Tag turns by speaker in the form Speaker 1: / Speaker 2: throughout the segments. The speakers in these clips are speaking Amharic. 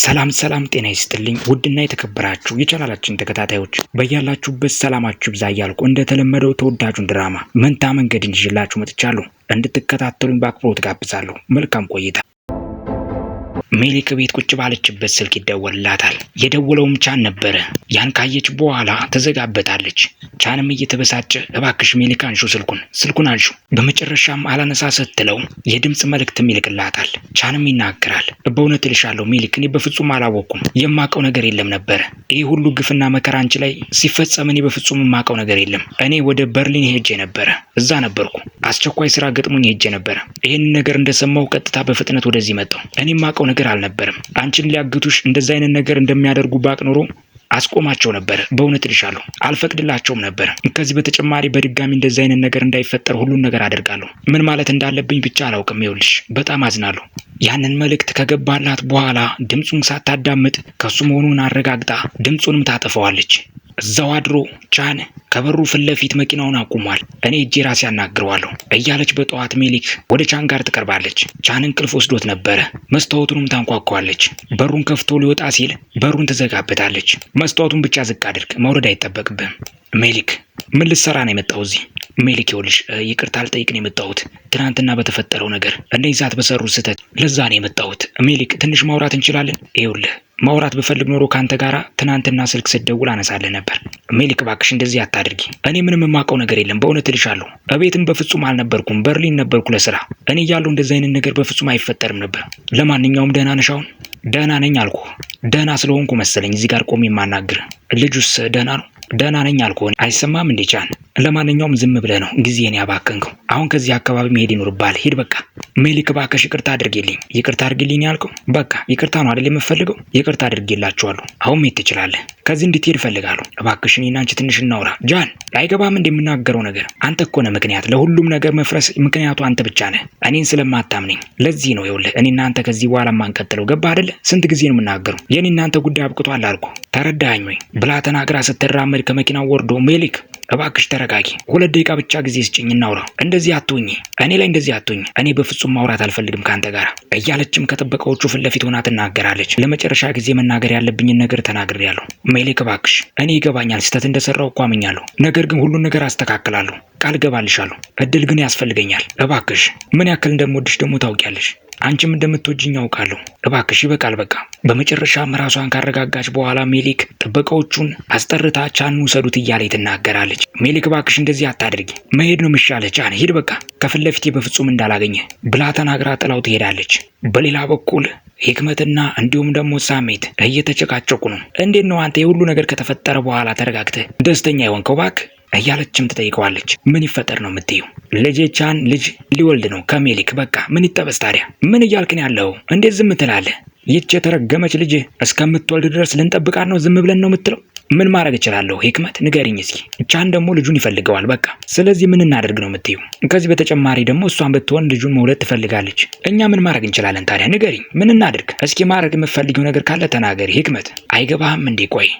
Speaker 1: ሰላም ሰላም፣ ጤና ይስጥልኝ ውድና የተከበራችሁ የቻናላችን ተከታታዮች በያላችሁበት ሰላማችሁ ብዛ እያልኩ እንደተለመደው ተወዳጁን ድራማ መንታ መንገድ ይዤላችሁ መጥቻለሁ። እንድትከታተሉኝ በአክብሮት ጋብዛለሁ። መልካም ቆይታ። ሜሊክ ቤት ቁጭ ባለችበት ስልክ ይደወልላታል። የደወለውም ቻን ነበረ። ያን ካየች በኋላ ተዘጋበታለች። ቻንም እየተበሳጨ እባክሽ ሜሊክ አንሹ ስልኩን ስልኩን አንሹ። በመጨረሻም አላነሳ ስትለው የድምፅ መልእክትም ይልክላታል። ቻንም ይናገራል። በእውነት እልሻለሁ ሜሊክ፣ እኔ በፍጹም አላወቅኩም። የማውቀው ነገር የለም ነበረ። ይህ ሁሉ ግፍና መከራ አንቺ ላይ ሲፈጸም እኔ በፍጹም የማውቀው ነገር የለም። እኔ ወደ በርሊን ሄጄ ነበረ። እዛ ነበርኩ። አስቸኳይ ስራ ገጥሞኝ ሄጄ ነበረ። ይህንን ነገር እንደሰማው ቀጥታ በፍጥነት ወደዚህ መጣው። እኔ የማውቀው ነገር ነገር አልነበርም። አንቺን ሊያግቱሽ እንደዚ አይነት ነገር እንደሚያደርጉ ባቅ ኖሮ አስቆማቸው ነበር። በእውነት ልሻለሁ፣ አልፈቅድላቸውም ነበር። ከዚህ በተጨማሪ በድጋሚ እንደዚህ አይነት ነገር እንዳይፈጠር ሁሉን ነገር አደርጋለሁ። ምን ማለት እንዳለብኝ ብቻ አላውቅም። ይኸውልሽ በጣም አዝናለሁ። ያንን መልእክት ከገባላት በኋላ ድምፁን ሳታዳምጥ ከሱ መሆኑን አረጋግጣ ድምፁንም ታጠፈዋለች። እዛው አድሮ ቻን ከበሩ ፊት ለፊት መኪናውን አቁሟል። እኔ እጄ ራሴ አናግረዋለሁ እያለች በጠዋት ሜሊክ ወደ ቻን ጋር ትቀርባለች። ቻን እንቅልፍ ወስዶት ነበረ። መስታወቱንም ታንኳኳዋለች። በሩን ከፍቶ ሊወጣ ሲል በሩን ትዘጋበታለች። መስታወቱን ብቻ ዝቅ አድርግ፣ መውረድ አይጠበቅብህም። ሜሊክ ምን ልትሰራ ነው የመጣው እዚህ? ሜሊክ ይኸውልሽ፣ ይቅርታ ልጠይቅ ነው የመጣሁት። ትናንትና በተፈጠረው ነገር እነዚህ ዛት በሰሩት ስህተት ለዛ ነው የመጣሁት። ሜሊክ ትንሽ ማውራት እንችላለን? ይኸውልህ ማውራት ብፈልግ ኖሮ ከአንተ ጋራ ትናንትና ስልክ ስደውል አነሳለን ነበር። ሜሊክ እባክሽ እንደዚህ አታድርጊ። እኔ ምንም የማውቀው ነገር የለም በእውነት እልሻለሁ። እቤትም በፍጹም አልነበርኩም፣ በርሊን ነበርኩ ለስራ። እኔ እያለሁ እንደዚህ አይነት ነገር በፍጹም አይፈጠርም ነበር። ለማንኛውም ደህና ነሽ አሁን? ደህና ነኝ አልኩ። ደህና ስለሆንኩ መሰለኝ እዚህ ጋር ቆሜ የማናግር። ልጁስ ደህና ነው? ደህና ነኝ አልኩ። አይሰማም እንዴ ቻን ለማንኛውም ዝም ብለህ ነው ጊዜን ያባከንከው። አሁን ከዚህ አካባቢ መሄድ ይኖርብሃል። ሂድ በቃ። ሜሊክ እባክሽ ይቅርታ አድርጌልኝ። ይቅርታ አድርጌልኝ ያልከው በቃ ይቅርታ ነው አይደል የምፈልገው? ይቅርታ አድርጌላችኋለሁ። አሁን መሄድ ትችላለህ። ከዚህ እንድትሄድ እፈልጋለሁ። እባክሽን እኔና አንቺ ትንሽ እናውራ። ጃን ላይገባም እንደምናገረው ነገር አንተ እኮ ነህ ምክንያት ለሁሉም ነገር መፍረስ ምክንያቱ አንተ ብቻ ነህ። እኔን ስለማታምነኝ ለዚህ ነው ይኸውልህ። እኔና አንተ ከዚህ በኋላ ማንቀጥለው ገባህ አይደለ? ስንት ጊዜ ነው የምናገረው? የኔና አንተ ጉዳይ አብቅቷል አልኩህ። ተረዳኸኝ ወይ ብላ ተናግራ ስትራመድ ከመኪናው ወርዶ ሜሊክ እባክሽ ተረጋጊ። ሁለት ደቂቃ ብቻ ጊዜ ስጭኝ እናውራ። እንደዚህ አትሁኝ፣ እኔ ላይ እንደዚህ አትሁኝ። እኔ በፍጹም ማውራት አልፈልግም ከአንተ ጋር እያለችም ከጥበቃዎቹ ፊት ለፊት ሆና ትናገራለች። ለመጨረሻ ጊዜ መናገር ያለብኝን ነገር ተናግሬያለሁ። ሜሌክ እባክሽ፣ እኔ ይገባኛል ስህተት እንደሰራው እኮ አምኛለሁ። ነገር ግን ሁሉን ነገር አስተካክላለሁ፣ ቃል እገባልሻለሁ። እድል ግን ያስፈልገኛል። እባክሽ ምን ያክል እንደምወድሽ ደግሞ ታውቂያለሽ። አንቺም እንደምትወጂኝ ያውቃለሁ። እባክሽ ይበቃል በቃ። በመጨረሻም ራሷን ካረጋጋች በኋላ ሜሊክ ጥበቃዎቹን አስጠርታ ቻን ውሰዱት እያለ ትናገራለች። ሜሊክ እባክሽ እንደዚህ አታድርጊ፣ መሄድ ነው የሚሻለህ። ቻን ሂድ በቃ፣ ከፊት ለፊቴ በፍጹም እንዳላገኘ ብላ ተናግራ ጥላው ትሄዳለች። በሌላ በኩል ህክመትና እንዲሁም ደግሞ ሳሜት እየተጨቃጨቁ ነው። እንዴት ነው አንተ የሁሉ ነገር ከተፈጠረ በኋላ ተረጋግተህ ደስተኛ የሆንከው? እባክህ እያለችም ትጠይቀዋለች። ምን ይፈጠር ነው የምትዩ? ልጄቻን ልጅ ሊወልድ ነው ከሜሊክ። በቃ ምን ይጠበስ ታዲያ? ምን እያልክን ያለው እንዴት ዝም ትላለህ? ይች የተረገመች ልጅ እስከምትወልድ ድረስ ልንጠብቃት ነው? ዝም ብለን ነው የምትለው? ምን ማድረግ እችላለሁ? ሂክመት ንገሪኝ እስኪ። ቻን ደግሞ ልጁን ይፈልገዋል። በቃ ስለዚህ ምን እናደርግ ነው የምትዩ? ከዚህ በተጨማሪ ደግሞ እሷን ብትሆን ልጁን መውለድ ትፈልጋለች። እኛ ምን ማድረግ እንችላለን ታዲያ? ንገሪኝ፣ ምን እናድርግ እስኪ? ማድረግ የምትፈልጊው ነገር ካለ ተናገሪ ሂክመት። አይገባህም እንዴ? ቆይ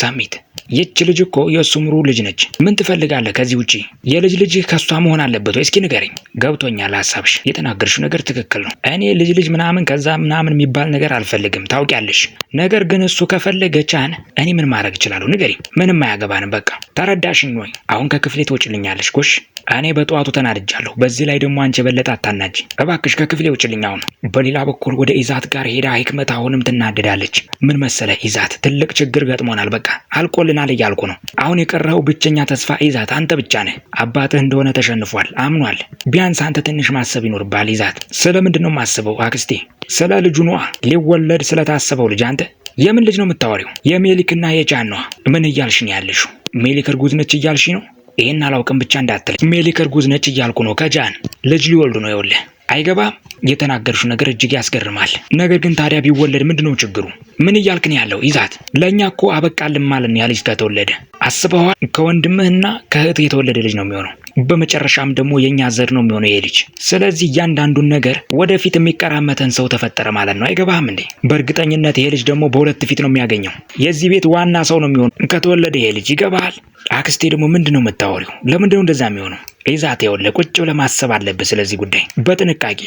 Speaker 1: ሳሚት፣ ይች ልጅ እኮ የሱምሩ ልጅ ነች። ምን ትፈልጋለህ ከዚህ ውጪ? የልጅ ልጅህ ከሷ መሆን አለበት ወይ? እስኪ ንገረኝ። ገብቶኛል ሀሳብሽ፣ የተናገርሽው ነገር ትክክል ነው። እኔ ልጅ ልጅ ምናምን ከዛ ምናምን የሚባል ነገር አልፈልግም ታውቂያለሽ። ነገር ግን እሱ ከፈለገ ቻን፣ እኔ ምን ማድረግ እችላለሁ? የምትናገሪው? ንገሪ። ምንም አያገባንም። በቃ ተረዳሽኝ ወይ? አሁን ከክፍሌ ትወጪልኛለሽ። ጎሽ እኔ በጠዋቱ ተናድጃለሁ። በዚህ ላይ ደግሞ አንቺ የበለጠ አታናጅ። እባክሽ ከክፍሌ ውጭልኝ። አሁን በሌላ በኩል ወደ ኢዛት ጋር ሄዳ ህክመት አሁንም ትናደዳለች። ምን መሰለ ኢዛት፣ ትልቅ ችግር ገጥሞናል። በቃ አልቆልናል እያልኩ ነው። አሁን የቀረው ብቸኛ ተስፋ ኢዛት አንተ ብቻ ነህ። አባትህ እንደሆነ ተሸንፏል፣ አምኗል። ቢያንስ አንተ ትንሽ ማሰብ ይኖርብሃል። ኢዛት ስለምንድን ነው የማስበው? አክስቴ ስለ ልጁ ነዋ፣ ሊወለድ ስለታሰበው ልጅ አንተ የምን ልጅ ነው የምታወሪው? የሜሊክና የጫኗ ምን እያልሽ ነው ያለሽው? ሜሊክ እርጉዝ ነች እያልሽ ነው? ይህን አላውቅም ብቻ እንዳትል። ሜሊክ እርጉዝ ነች እያልኩ ነው። ከጃን ልጅ ሊወልዱ ነው። ይኸውልህ አይገባም። የተናገርሽው ነገር እጅግ ያስገርማል። ነገር ግን ታዲያ ቢወለድ ምንድነው ችግሩ? ምን እያልክ ያለው? ይዛት ለእኛ እኮ አበቃልን ማለት ነው። ያ ልጅ ከተወለደ አስበዋል። ከወንድምህና ከእህት የተወለደ ልጅ ነው የሚሆነው። በመጨረሻም ደግሞ የእኛ ዘር ነው የሚሆነው ይሄ ልጅ። ስለዚህ እያንዳንዱን ነገር ወደፊት የሚቀራመተን ሰው ተፈጠረ ማለት ነው። አይገባህም እንዴ? በእርግጠኝነት ይሄ ልጅ ደግሞ በሁለት ፊት ነው የሚያገኘው። የዚህ ቤት ዋና ሰው ነው የሚሆነው ከተወለደ ይሄ ልጅ። ይገባሃል? አክስቴ ደግሞ ምንድን ነው የምታወሪው? ለምንድን ነው እንደዛ የሚሆነው? ይዛት የወለ ቁጭ ብለህ ማሰብ አለብህ። ስለዚህ ጉዳይ በጥንቃቄ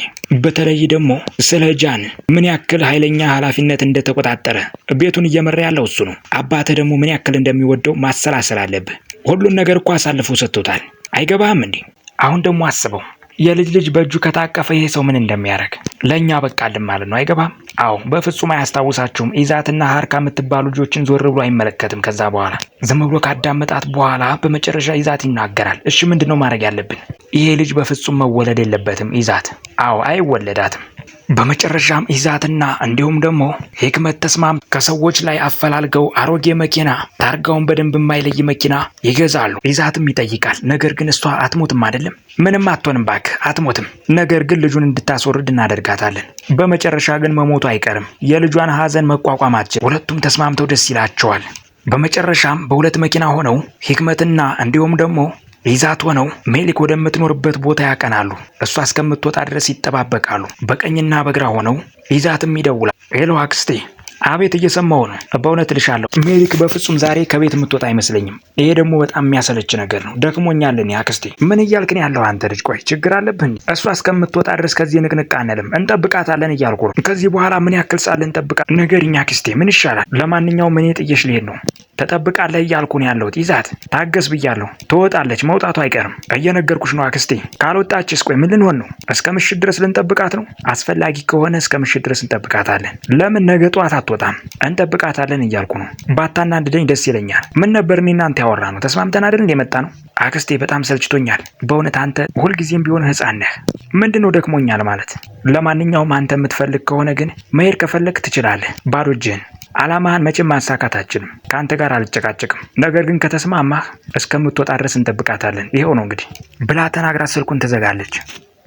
Speaker 1: በተለይ ደግሞ ስለ ጃን ምን ያክል ኃይለኛ ኃላፊነት እንደተቆጣጠረ ቤቱን እየመራ ያለው እሱ ነው። አባተ ደግሞ ምን ያክል እንደሚወደው ማሰላሰል አለብህ። ሁሉን ነገር እኮ አሳልፎ ሰጥቶታል። አይገባህም እንዴ? አሁን ደግሞ አስበው የልጅ ልጅ በእጁ ከታቀፈ ይሄ ሰው ምን እንደሚያደርግ ለእኛ በቃልን ማለት ነው። አይገባም? አዎ በፍጹም አያስታውሳችሁም። ኢዛትና ሀርካ የምትባሉ ልጆችን ዞር ብሎ አይመለከትም። ከዛ በኋላ ዝም ብሎ ካዳመጣት በኋላ በመጨረሻ ኢዛት ይናገራል። እሺ ምንድን ነው ማድረግ ያለብን? ይሄ ልጅ በፍጹም መወለድ የለበትም ኢዛት። አዎ አይወለዳትም። በመጨረሻም ይዛትና እንዲሁም ደግሞ ህክመት ተስማም ከሰዎች ላይ አፈላልገው አሮጌ መኪና ታርጋውን በደንብ የማይለይ መኪና ይገዛሉ። ይዛትም ይጠይቃል። ነገር ግን እሷ አትሞትም አይደለም፣ ምንም አትሆንም፣ ባክ አትሞትም። ነገር ግን ልጁን እንድታስወርድ እናደርጋታለን። በመጨረሻ ግን መሞቱ አይቀርም። የልጇን ሀዘን መቋቋም ሁለቱም ተስማምተው ደስ ይላቸዋል። በመጨረሻም በሁለት መኪና ሆነው ህክመትና እንዲሁም ደግሞ ይዛት ሆነው ሜሊክ ወደምትኖርበት ቦታ ያቀናሉ። እሷ እስከምትወጣ ድረስ ይጠባበቃሉ። በቀኝና በግራ ሆነው ይዛትም ይደውላል። ሄሎ አክስቴ አቤት እየሰማው ነው። በእውነት እልሻለሁ ሜሊክ፣ በፍጹም ዛሬ ከቤት የምትወጣ አይመስለኝም። ይሄ ደግሞ በጣም የሚያሰለች ነገር ነው። ደክሞኛል እኔ አክስቴ። ምን እያልክን ያለው አንተ ልጅ? ቆይ ችግር አለብህ? እሷ እስከምትወጣ ድረስ ከዚህ ንቅንቅ አንልም፣ እንጠብቃታለን እያልኩ ነው። ከዚህ በኋላ ምን ያክል ጻል እንጠብቃ? ንገሪኝ አክስቴ፣ ምን ይሻላል? ለማንኛውም እኔ ጥየሽ ልሄድ ነው። ተጠብቃለህ እያልኩ ነው ያለሁት። ይዛት ታገስ ብያለሁ። ትወጣለች፣ መውጣቱ አይቀርም። እየነገርኩሽ ነው አክስቴ። ካልወጣችስ ቆይ ምን ልንሆን ነው? እስከ ምሽት ድረስ ልንጠብቃት ነው? አስፈላጊ ከሆነ እስከ ምሽት ድረስ እንጠብቃታለን። ለምን ነገ ጠዋት አትወጣም? እንጠብቃታለን እያልኩ ነው። ባታናድደኝ ደስ ይለኛል። ምን ነበር እኔ እናንተ ያወራ ነው? ተስማምተን አይደል እንደመጣ ነው? አክስቴ በጣም ሰልችቶኛል። በእውነት አንተ ሁልጊዜም ቢሆን ሕፃን ነህ። ምንድን ነው ደክሞኛል ማለት። ለማንኛውም አንተ የምትፈልግ ከሆነ ግን መሄድ ከፈለግ ትችላለህ፣ ባዶ እጅህን አላማህን መቼም ማሳካት አችልም። ከአንተ ጋር አልጨቃጨቅም። ነገር ግን ከተስማማህ እስከምትወጣ ድረስ እንጠብቃታለን። ይኸው ነው እንግዲህ ብላ ተናግራት ስልኩን ትዘጋለች።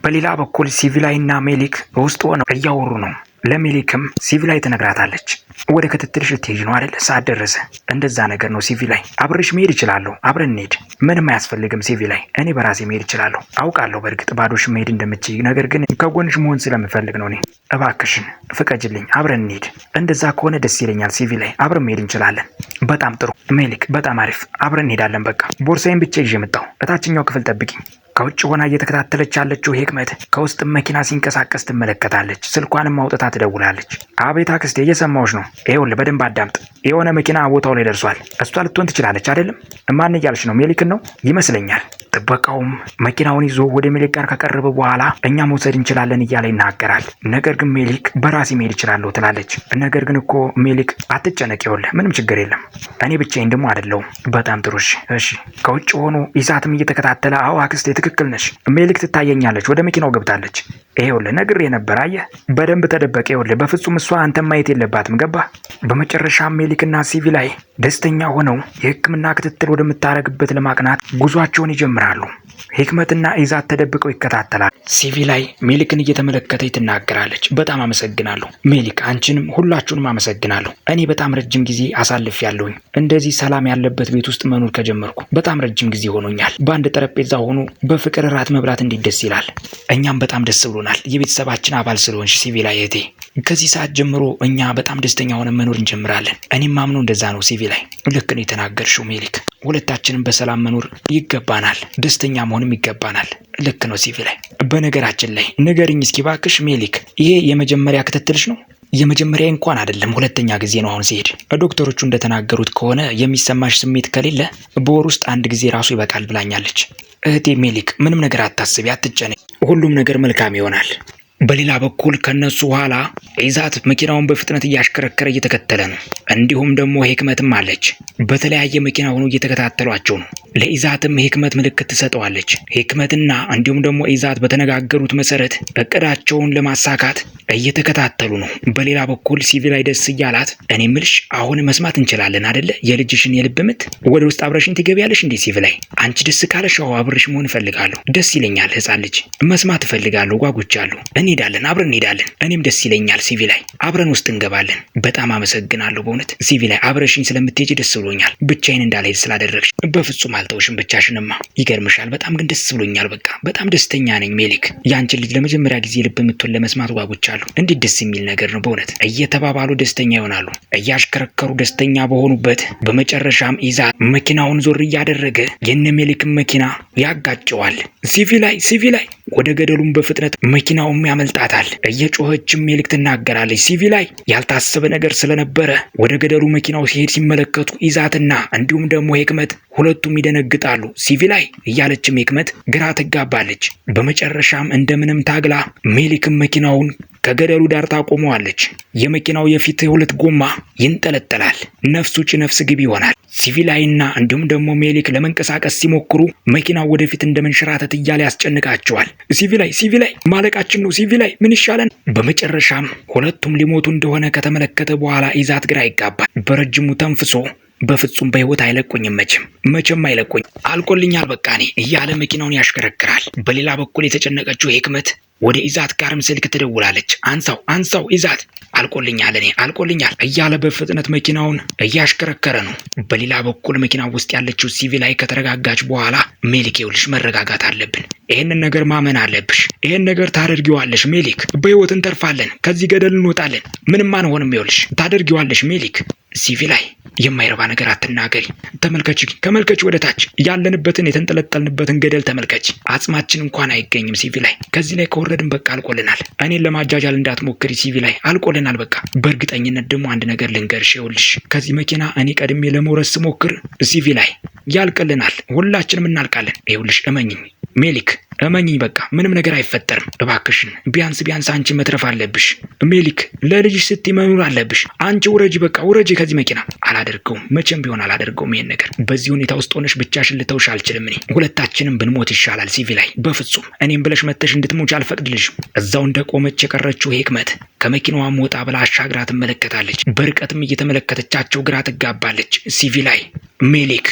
Speaker 1: በሌላ በኩል ሲቪላይና ሜሊክ ውስጥ ሆነው እያወሩ ነው። ለሚሊክም ሲቪ ላይ ትነግራታለች። ወደ ክትትልሽ ልትሄጂ ነው አይደል? ሰዓት ደረሰ። እንደዛ ነገር ነው። ሲቪ ላይ አብረሽ መሄድ እችላለሁ። አብረን እንሄድ። ምንም አያስፈልግም። ሲቪ ላይ እኔ በራሴ መሄድ እችላለሁ። አውቃለሁ በእርግጥ ባዶሽ መሄድ እንደምችይ፣ ነገር ግን ከጎንሽ መሆን ስለምፈልግ ነው። እኔ እባክሽን ፍቀጅልኝ፣ አብረን እንሄድ። እንደዛ ከሆነ ደስ ይለኛል። ሲቪ ላይ አብረን መሄድ እንችላለን። በጣም ጥሩ ሜሊክ፣ በጣም አሪፍ። አብረን እንሄዳለን። በቃ ቦርሳዬን ብቻ ይዤ መጣሁ። እታችኛው ክፍል ጠብቂኝ። ከውጭ ሆና እየተከታተለች ያለችው ህክመት ከውስጥም መኪና ሲንቀሳቀስ ትመለከታለች። ስልኳንም አውጥታ ትደውላለች። አቤት አክስቴ እየሰማዎች ነው። ይኸውልህ በደንብ አዳምጥ። የሆነ መኪና ቦታው ላይ ደርሷል። እሷ ልትሆን ትችላለች አይደለም? ማን ነው? ሜሊክን ነው ይመስለኛል። ጥበቃውም መኪናውን ይዞ ወደ ሜሊክ ጋር ከቀረበ በኋላ እኛ መውሰድ እንችላለን እያለ ይናገራል። ነገር ግን ሜሊክ በራሴ መሄድ እችላለሁ ትላለች። ነገር ግን እኮ ሜሊክ አትጨነቅ፣ ይኸውልህ ምንም ችግር የለም እኔ ብቻዬን ደግሞ አይደለሁም። በጣም ጥሩ እሺ፣ ከውጭ ሆኖ ይዛትም እየተከታተለ አዎ አክስቴ ትክክል ነሽ፣ ሜሊክ ትታየኛለች፣ ወደ መኪናው ገብታለች። ይኸውልህ ነግሬህ ነበር። አየህ በደንብ ተደበቀ። ይኸውልህ በፍጹም እሷ አንተን ማየት የለባትም። ገባ። በመጨረሻ ሜሊክና ሲቪ ላይ ደስተኛ ሆነው የሕክምና ክትትል ወደምታደርግበት ለማቅናት ጉዟቸውን ይጀምራሉ። ሂክመትና ኢዛት ተደብቀው ይከታተላል። ሲቪ ላይ ሜሊክን እየተመለከተች ትናገራለች። በጣም አመሰግናለሁ ሜሊክ፣ አንቺንም ሁላችሁንም አመሰግናለሁ። እኔ በጣም ረጅም ጊዜ አሳልፍ ያለሁኝ እንደዚህ ሰላም ያለበት ቤት ውስጥ መኖር ከጀመርኩ በጣም ረጅም ጊዜ ሆኖኛል። በአንድ ጠረጴዛ ሆኖ በፍቅር እራት መብላት እንዴት ደስ ይላል። እኛም በጣም ደስ ብሎ ይሆናል። የቤተሰባችን አባል ስለሆንሽ ሲቪላ እህቴ፣ ከዚህ ሰዓት ጀምሮ እኛ በጣም ደስተኛ ሆነን መኖር እንጀምራለን። እኔም አምኖ እንደዛ ነው። ሲቪላይ፣ ልክ ነው የተናገርሽው ሜሊክ። ሁለታችንም በሰላም መኖር ይገባናል፣ ደስተኛ መሆንም ይገባናል። ልክ ነው ሲቪላይ። በነገራችን ላይ ንገርኝ እስኪ ባክሽ ሜሊክ፣ ይሄ የመጀመሪያ ክትትልሽ ነው? የመጀመሪያ እንኳን አይደለም፣ ሁለተኛ ጊዜ ነው አሁን ሲሄድ። ዶክተሮቹ እንደተናገሩት ከሆነ የሚሰማሽ ስሜት ከሌለ በወር ውስጥ አንድ ጊዜ ራሱ ይበቃል ብላኛለች። እህቴ ሜሊክ፣ ምንም ነገር አታስቢ፣ አትጨነ ሁሉም ነገር መልካም ይሆናል። በሌላ በኩል ከነሱ ኋላ ኢዛት መኪናውን በፍጥነት እያሽከረከረ እየተከተለ ነው። እንዲሁም ደግሞ ሂክመትም አለች። በተለያየ መኪና ሆኖ እየተከታተሏቸው ነው። ለኢዛትም ህክመት ምልክት ትሰጠዋለች። ህክመትና እንዲሁም ደግሞ ኢዛት በተነጋገሩት መሰረት እቅዳቸውን ለማሳካት እየተከታተሉ ነው። በሌላ በኩል ሲቪ ላይ ደስ እያላት፣ እኔ ምልሽ አሁን መስማት እንችላለን አደለ? የልጅሽን የልብ ምት ወደ ውስጥ አብረሽን ትገቢያለሽ እንዴ? ሲቪ ላይ አንቺ ደስ ካለሽ አብርሽ መሆን እፈልጋለሁ። ደስ ይለኛል። ህፃን ልጅ መስማት እፈልጋለሁ። ጓጉቻለሁ እኔ እንሄዳለን፣ አብረን እንሄዳለን። እኔም ደስ ይለኛል። ሲቪ ላይ አብረን ውስጥ እንገባለን። በጣም አመሰግናለሁ በእውነት ሲቪ ላይ አብረሽኝ ስለምትሄጂ ደስ ብሎኛል። ብቻዬን እንዳልሄድ ስላደረግሽ በፍጹም አልተውሽም። ብቻሽንማ ይገርምሻል። በጣም ግን ደስ ብሎኛል። በቃ በጣም ደስተኛ ነኝ ሜሊክ። ያንቺን ልጅ ለመጀመሪያ ጊዜ ልብ የምትሆን ለመስማት ጓጉቻለሁ። እንዴት ደስ የሚል ነገር ነው በእውነት። እየተባባሉ ደስተኛ ይሆናሉ። እያሽከረከሩ ደስተኛ በሆኑበት በመጨረሻም ኢዛ መኪናውን ዞር እያደረገ የነ ሜሊክን መኪና ያጋጨዋል። ሲቪ ላይ ሲቪ ላይ ወደ ገደሉም በፍጥነት መኪናውም ያመ ያመልጣታል። እየጮኸችም ሜሊክ ትናገራለች። ሲቪ ላይ ያልታሰበ ነገር ስለነበረ ወደ ገደሉ መኪናው ሲሄድ ሲመለከቱ ይዛትና እንዲሁም ደግሞ ህክመት ሁለቱም ይደነግጣሉ። ሲቪ ላይ እያለችም ህክመት ግራ ትጋባለች። በመጨረሻም እንደምንም ታግላ ሜሊክም መኪናውን ከገደሉ ዳር ታቆመዋለች። የመኪናው የፊት ሁለት ጎማ ይንጠለጠላል። ነፍስ ውጭ ነፍስ ግብ ይሆናል። ሲቪላይና እንዲሁም ደግሞ ሜሊክ ለመንቀሳቀስ ሲሞክሩ መኪናው ወደፊት እንደ እያለ ያስጨንቃቸዋል። ሲቪላይ ሲቪላይ ማለቃችን ነው፣ ሲቪላይ ምን ይሻለን? በመጨረሻም ሁለቱም ሊሞቱ እንደሆነ ከተመለከተ በኋላ ይዛት ግራ ይጋባል። በረጅሙ ተንፍሶ በፍጹም በህይወት አይለቁኝም፣ መቼም መቼም አይለቁኝ፣ አልቆልኛል፣ በቃኔ እያለ መኪናውን ያሽከረክራል። በሌላ በኩል የተጨነቀችው ህክመት ወደ ኢዛት ጋርም ስልክ ትደውላለች። አንሳው አንሳው ኢዛት አልቆልኛል፣ እኔ አልቆልኛል እያለ በፍጥነት መኪናውን እያሽከረከረ ነው። በሌላ በኩል መኪና ውስጥ ያለችው ሲቪ ላይ ከተረጋጋች በኋላ ሜሊክ፣ ይኸውልሽ መረጋጋት አለብን። ይህንን ነገር ማመን አለብሽ። ይህን ነገር ታደርጊዋለሽ ሜሊክ። በህይወት እንተርፋለን፣ ከዚህ ገደል እንወጣለን፣ ምንም አንሆንም። ይኸውልሽ ታደርጊዋለሽ ሜሊክ ሲቪ ላይ የማይረባ ነገር አትናገሪ። ተመልከች፣ ከመልከች ወደ ታች ያለንበትን የተንጠለጠልንበትን ገደል ተመልከች። አጽማችን እንኳን አይገኝም። ሲቪ ላይ ከዚህ ላይ ከወረድን በቃ አልቆልናል። እኔን ለማጃጃል እንዳትሞክሪ ሲቪ ላይ አልቆልናል። በቃ በእርግጠኝነት ደግሞ አንድ ነገር ልንገርሽ፣ ይኸውልሽ ከዚህ መኪና እኔ ቀድሜ ለመውረድ ስሞክር ሲቪ ላይ ያልቅልናል። ሁላችንም እናልቃለን። ይኸውልሽ እመኝኝ ሜሊክ እመኝኝ በቃ ምንም ነገር አይፈጠርም። እባክሽን ቢያንስ ቢያንስ አንቺ መትረፍ አለብሽ። ሜሊክ ለልጅሽ ስቲ መኖር አለብሽ። አንቺ ውረጂ፣ በቃ ውረጂ ከዚህ መኪና። አላደርገውም፣ መቼም ቢሆን አላደርገውም። ይሄን ነገር በዚህ ሁኔታ ውስጥ ሆነሽ ብቻሽን ልተውሽ አልችልም። እኔ ሁለታችንም ብንሞት ይሻላል። ሲቪላይ በፍጹም እኔም ብለሽ መተሽ እንድትሞች አልፈቅድልሽም። እዛው እንደቆመች የቀረችው ህክመት ከመኪናዋም ወጣ ብላ አሻግራ ትመለከታለች። በርቀትም እየተመለከተቻቸው ግራ ትጋባለች። ሲቪላይ ሜሊክ፣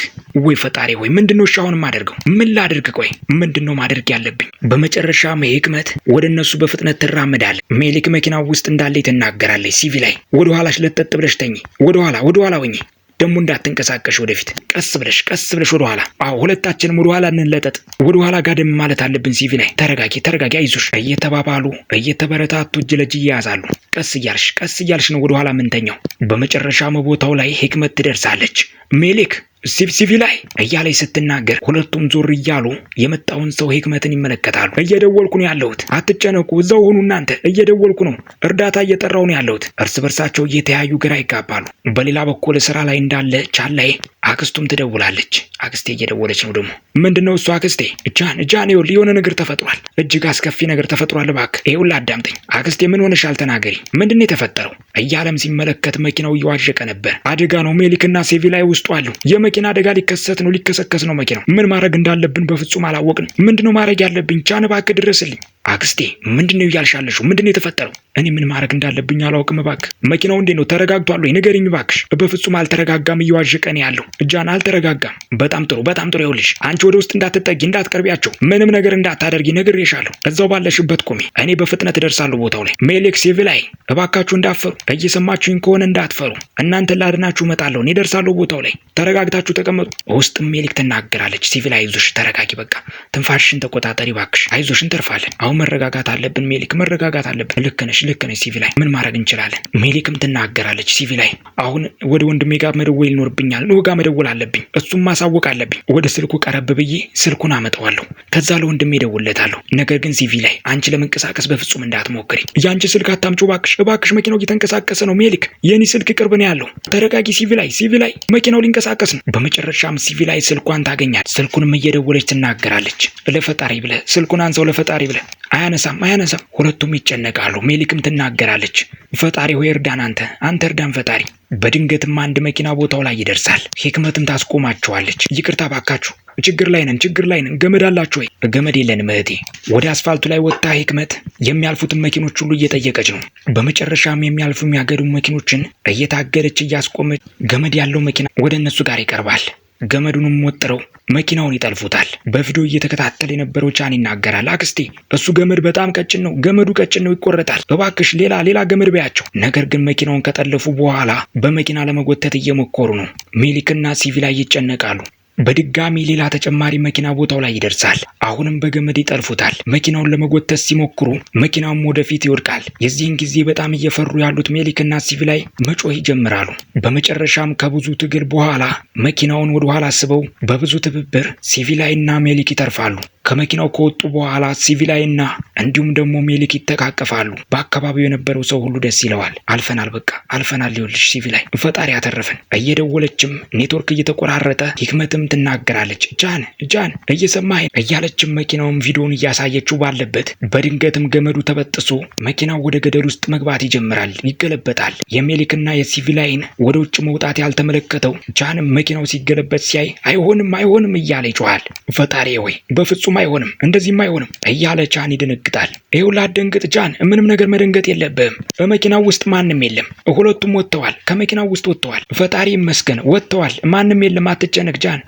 Speaker 1: ወይ ፈጣሪ፣ ወይ ምንድነው? እሺ አሁን ማደርገው ምን ላድርግ? ቆይ ምንድነው ማደርግ ያለብኝ በመጨረሻ ህክመት ወደ እነሱ በፍጥነት ትራመዳል። ሜሊክ መኪናው ውስጥ እንዳለ ትናገራለች። ሲቪ ላይ ወደ ኋላሽ ለጠጥ ብለሽ ተኝ። ወደ ኋላ ወደ ኋላ ወኝ ደግሞ እንዳትንቀሳቀሽ ወደፊት ቀስ ብለሽ ቀስ ብለሽ ወደ ኋላ። አዎ ሁለታችንም ወደ ኋላ እንለጠጥ። ወደ ኋላ ጋደም ማለት አለብን። ሲቪ ላይ ተረጋጊ፣ ተረጋጊ፣ አይዞሽ እየተባባሉ እየተበረታቱ እጅ ለእጅ እያያዛሉ። ቀስ እያልሽ ቀስ እያልሽ ነው ወደ ኋላ ምንተኛው። በመጨረሻም ቦታው ላይ ህክመት ትደርሳለች። ሜሊክ ሲቪ ላይ እያለች ስትናገር ሁለቱም ዞር እያሉ የመጣውን ሰው ህክመትን ይመለከታሉ። እየደወልኩ ነው ያለሁት፣ አትጨነቁ፣ እዛው ሁኑ እናንተ። እየደወልኩ ነው፣ እርዳታ እየጠራው ነው ያለሁት። እርስ በርሳቸው እየተያዩ ግራ ይጋባሉ። በሌላ በኩል ስራ ላይ እንዳለ ቻላይ አክስቱም ትደውላለች። አክስቴ እየደወለች ነው ደግሞ። ምንድን ነው እሱ አክስቴ? እጃን እጃን፣ ይኸውልህ የሆነ ነገር ተፈጥሯል፣ እጅግ አስከፊ ነገር ተፈጥሯል። እባክህ ይኸውልህ አዳምጠኝ። አክስቴ ምን ሆነሽ? አልተናገሪ። ምንድን ነው የተፈጠረው? እያለም ሲመለከት መኪናው እየዋዠቀ ነበር። አደጋ ነው፣ ሜሊክና ላይ ውስጡ አሉ። የመኪና አደጋ ሊከሰት ነው፣ ሊከሰከስ ነው መኪናው። ምን ማድረግ እንዳለብን በፍጹም አላወቅንም። ምንድነው ማድረግ ያለብኝ? ጃን እባክህ ድረስልኝ። አክስቴ ምንድነው እያልሻለሹ? ምንድነው የተፈጠረው? እኔ ምን ማድረግ እንዳለብኝ አላውቅም። እባክህ መኪናው እንዴት ነው? ተረጋግቷል ወይ? ንገሪኝ እባክሽ። በፍጹም አልተረጋጋም፣ እየዋዠቀ ነው ያለው። እጃን አልተረጋጋም። በጣም ጥሩ፣ በጣም ጥሩ። ይኸውልሽ አንቺ ወደ ውስጥ እንዳትጠጊ፣ እንዳትቀርቢያቸው፣ ምንም ነገር እንዳታደርጊ ነግሬሻለሁ። እዛው ባለሽበት ቁሚ፣ እኔ በፍጥነት እደርሳለሁ ቦታው ላይ። ሜሌክ ላይ እባካችሁ እንዳትፈሩ፣ እየሰማችሁኝ ከሆነ እንዳትፈሩ። እናንተን ላድናችሁ እመጣለሁ፣ እኔ እደርሳለሁ ቦታው ላይ። ተረጋግታችሁ ተቀመጡ። ውስጥም ሜሌክ ትናገራለች፣ ላይ አይዞሽ፣ ተረጋጊ፣ በቃ ትንፋሽን ተቆጣጠሪ እባክሽ፣ አይዞሽ፣ እንተርፋለን። አሁን መረጋጋት አለብን ሜሌክ፣ መረጋጋት አለብን። ልክ ነሽ ልክ ነች ሲቪ ላይ ምን ማድረግ እንችላለን? ሜሊክም ትናገራለች ሲቪ ላይ አሁን ወደ ወንድሜ ጋር መደወል ይኖርብኛል። ንዑ ጋር መደወል አለብኝ። እሱም ማሳወቅ አለብኝ። ወደ ስልኩ ቀረብ ብዬ ስልኩን አመጣዋለሁ። ከዛ ለወንድሜ እደውልለታለሁ። ነገር ግን ሲቪ ላይ አንቺ ለመንቀሳቀስ በፍጹም እንዳትሞክሪ። የአንቺ ስልክ አታምጩ እባክሽ፣ እባክሽ። መኪናው እየተንቀሳቀሰ ነው ሜሊክ፣ የኔ ስልክ ቅርብ ነው ያለው። ተረጋጊ ሲቪ ላይ፣ ሲቪ ላይ፣ መኪናው ሊንቀሳቀስ ነው። በመጨረሻም ሲቪ ላይ ስልኳን ታገኛል። ስልኩንም እየደወለች ትናገራለች። ለፈጣሪ ብለህ ስልኩን አንሳው፣ ለፈጣሪ ብለህ። አያነሳም፣ አያነሳም። ሁለቱም ይጨነቃሉ ሜሊክ በጭቅጭቅም ትናገራለች። ፈጣሪ ሆይ እርዳን፣ አንተ አንተ እርዳን ፈጣሪ። በድንገትም አንድ መኪና ቦታው ላይ ይደርሳል። ሂክመትም ታስቆማቸዋለች። ይቅርታ ባካችሁ፣ ችግር ላይ ነን፣ ችግር ላይ ነን። ገመድ አላችሁ ወይ? ገመድ የለንም እህቴ። ወደ አስፋልቱ ላይ ወጥታ ሂክመት የሚያልፉትን መኪኖች ሁሉ እየጠየቀች ነው። በመጨረሻም የሚያልፉ የሚያገዱ መኪኖችን እየታገደች እያስቆመች ገመድ ያለው መኪና ወደ እነሱ ጋር ይቀርባል። ገመዱንም ወጥረው መኪናውን ይጠልፉታል። በቪዲዮ እየተከታተለ የነበረው ቻን ይናገራል። አክስቴ እሱ ገመድ በጣም ቀጭን ነው፣ ገመዱ ቀጭን ነው፣ ይቆረጣል። እባክሽ ሌላ ሌላ ገመድ በያቸው። ነገር ግን መኪናውን ከጠለፉ በኋላ በመኪና ለመጎተት እየሞከሩ ነው። ሚሊክና ሲቪላ ይጨነቃሉ። በድጋሚ ሌላ ተጨማሪ መኪና ቦታው ላይ ይደርሳል። አሁንም በገመድ ይጠልፉታል። መኪናውን ለመጎተት ሲሞክሩ መኪናውም ወደፊት ይወድቃል። የዚህን ጊዜ በጣም እየፈሩ ያሉት ሜሊክና ሲቪላይ መጮህ ይጀምራሉ። በመጨረሻም ከብዙ ትግል በኋላ መኪናውን ወደኋላ አስበው በብዙ ትብብር ሲቪላይና ሜሊክ ይተርፋሉ። ከመኪናው ከወጡ በኋላ ሲቪላይና እንዲሁም ደግሞ ሜሊክ ይተቃቀፋሉ። በአካባቢው የነበረው ሰው ሁሉ ደስ ይለዋል። አልፈናል፣ በቃ አልፈናል። ይኸውልሽ ሲቪላይ ፈጣሪ ያተረፍን እየደወለችም ኔትወርክ እየተቆራረጠ ህክመትም ትናገራለች። ጃን ጃን እየሰማህ እያለችም መኪናውም ቪዲዮን እያሳየችው ባለበት በድንገትም ገመዱ ተበጥሶ መኪናው ወደ ገደል ውስጥ መግባት ይጀምራል፣ ይገለበጣል። የሜሊክና የሲቪላይን ወደ ውጭ መውጣት ያልተመለከተው ጃንም መኪናው ሲገለበት ሲያይ አይሆንም አይሆንም እያለ ይጮኋል። ፈጣሪ ወይ በፍጹም በፍጹም አይሆንም፣ እንደዚህም አይሆንም እያለ ጃን ይደነግጣል። ይኸውልህ አትደንግጥ ጃን፣ ምንም ነገር መደንገጥ የለብህም። በመኪናው ውስጥ ማንም የለም። ሁለቱም ወጥተዋል፣ ከመኪናው ውስጥ ወጥተዋል። ፈጣሪ ይመስገን ወጥተዋል። ማንም የለም። አትጨነቅ ጃን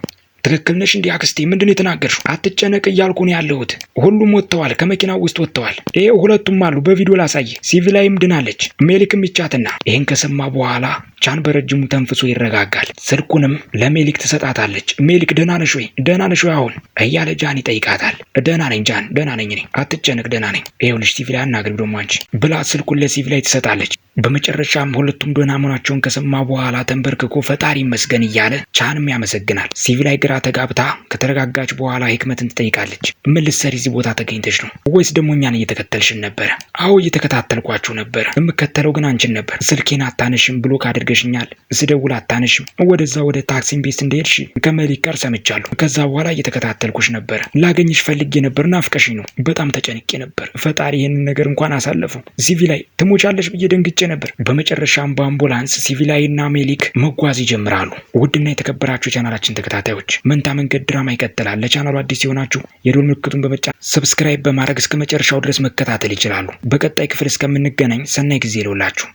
Speaker 1: ትክክል ነሽ እንዲህ አክስቴ? ምንድን ነው የተናገርሽው? አትጨነቅ እያልኩ ነው ያለሁት። ሁሉም ወጥተዋል፣ ከመኪናው ውስጥ ወጥተዋል። ይሄ ሁለቱም አሉ። በቪዲዮ ላሳይ። ሲቪላይም ድናለች፣ ሜሊክም ይቻትና። ይህን ከሰማ በኋላ ቻን በረጅሙ ተንፍሶ ይረጋጋል። ስልኩንም ለሜሊክ ትሰጣታለች። ሜሊክ ደህና ነሽ ወይ? ደህና ነሽ ወይ አሁን እያለ ጃን ይጠይቃታል። ደህና ነኝ ጃን፣ ደህና ነኝ እኔ፣ አትጨነቅ፣ ደህና ነኝ። ይኸውልሽ ሲቪላይ አናግሪ ደግሞ አንቺ ብላ ስልኩን ለሲቪላይ ትሰጣለች። በመጨረሻም ሁለቱም ደህና መሆናቸውን ከሰማ በኋላ ተንበርክኮ ፈጣሪ ይመስገን እያለ ቻንም ያመሰግናል። ሲቪ ላይ ግራ ተጋብታ ከተረጋጋች በኋላ ህክመትን ትጠይቃለች። ምልስ ልትሰሪ እዚህ ቦታ ተገኝተች ነው ወይስ ደግሞ እኛን እየተከተልሽን ነበረ? አዎ እየተከታተልኳችሁ ነበረ። የምከተለው ግን አንቺን ነበር። ስልኬን አታነሽም፣ ብሎክ አድርገሽኛል። ስደውል አታነሽም። ወደዛ ወደ ታክሲን ቤት እንደሄድሽ ከመሊክ ጋር ሰምቻለሁ። ከዛ በኋላ እየተከታተልኩሽ ነበረ። ላገኝሽ ፈልጌ ነበር። ናፍቀሽኝ ነው። በጣም ተጨንቄ ነበር። ፈጣሪ ይህንን ነገር እንኳን አሳለፈው። ሲቪላይ ትሞቻለሽ ብዬ ደንግጬ ነበር። በመጨረሻም በአምቡላንስ ሲቪላይና ሜሊክ መጓዝ ይጀምራሉ። ውድና የተከበራችሁ ቻናላችን ተከታታዮች መንታ መንገድ ድራማ ይቀጥላል። ለቻናሉ አዲስ የሆናችሁ የዶል ምልክቱን በመጫ ሰብስክራይብ በማድረግ እስከ መጨረሻው ድረስ መከታተል ይችላሉ። በቀጣይ ክፍል እስከምንገናኝ ሰናይ ጊዜ ይለውላችሁ።